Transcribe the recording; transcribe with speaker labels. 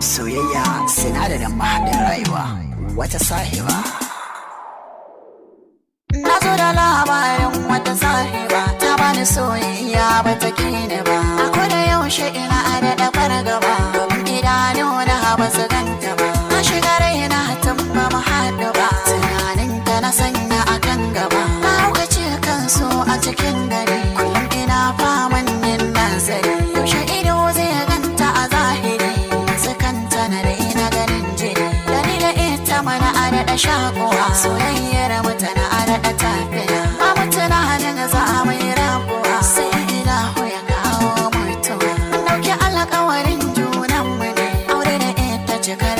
Speaker 1: soyayya sinadarin mahaɗin rayuwa wata sahiba na zo da labarin wata sahiba ta bani soyayya ba ta ba a da yaushe in shakuwa soyayyar mutane a daɗa tafiya ba mutane halin za a mai rabuwa sai ilahu ya kawo mutuwa ɗauki alƙawarin junan mu ne aure da ita cikar